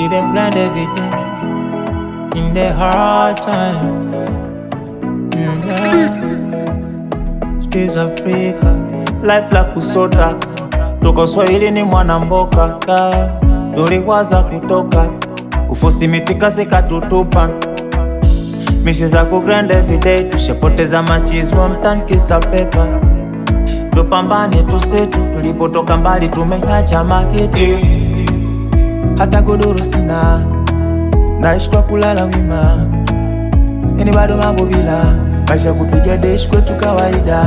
see them blind every day in their hard time. Mm, mm-hmm. their space Africa, life la kusota, Toko Swahili ni mwana mboka, tuliwaza kutoka kufosimitika, sikatutupa mishi za kugrand everyday, tushapoteza machizi wa mtani kisa pepa, tupambane tusetu, tulipotoka mbali tumeacha maketi hata godoro sina, naishi kwa kulala wima, yani bado mambo bila maisha kupiga deshi kwetu kawaida.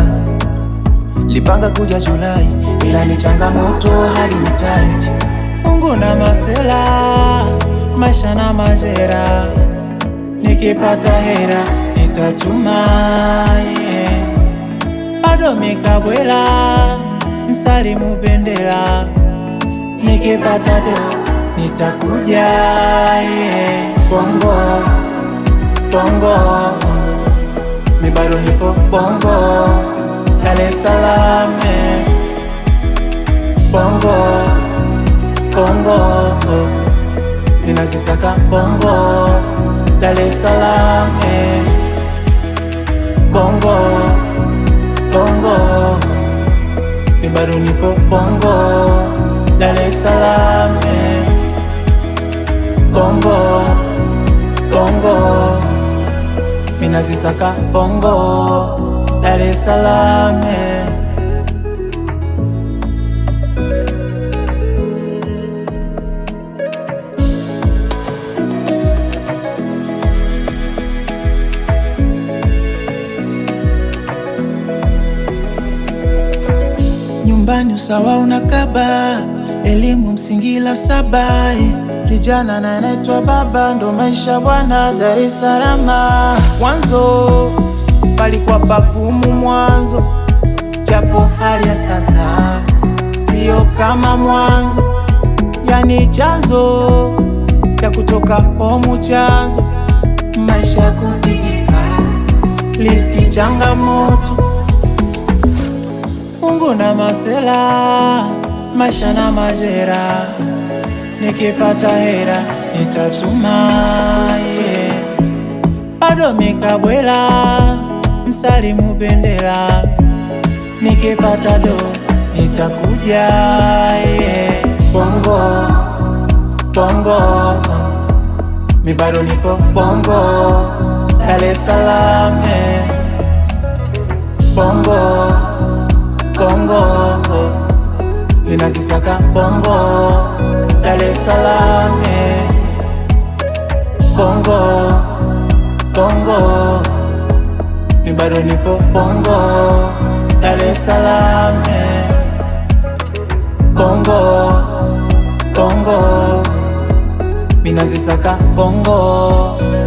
Lipanga kuja Julai, ila ni changamoto, hali ni tight, Mungu na masela, maisha na majera, nikipata hera nitatuma bado mikabwela msalimu vendela nikipata doa nitakuja Bongo bongo, mi bado nipo bongo, Dar es Salaam bongo bongo, ninazisaka bongo, Dar es Salaam bongo bongo, mi bado nipo bongo saka Bongo, Dar es Salaam. Nyumbani usawa unakaba, elimu msingi la saba kijana na baba, ndo maisha bwana, Dar es Salaam. Mwanzo palikuwa pagumu mwanzo, japo hali ya sasa sio kama mwanzo, yani chanzo cha kutoka homu, chanzo maisha kupigika, changa changamoto Mungu na masela, maisha na majera nikipata hera nitatuma yeah. bado mikabwela msalimu bendera nikipata do nitakuja yeah. bongo bongo mi bado nipo bongo Dar es Salaam bongo bongo oh. ninazisaka bongo Salame Bongo Bongo ni bado nipo Bongo Dar es Salaam Bongo Bongo minazisaka Bongo